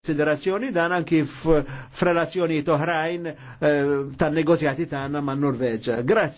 konsiderazzjoni dan anki f'relazzjoni oħrajn eh, tan-negozjati tagħna man norveġa Grazzi.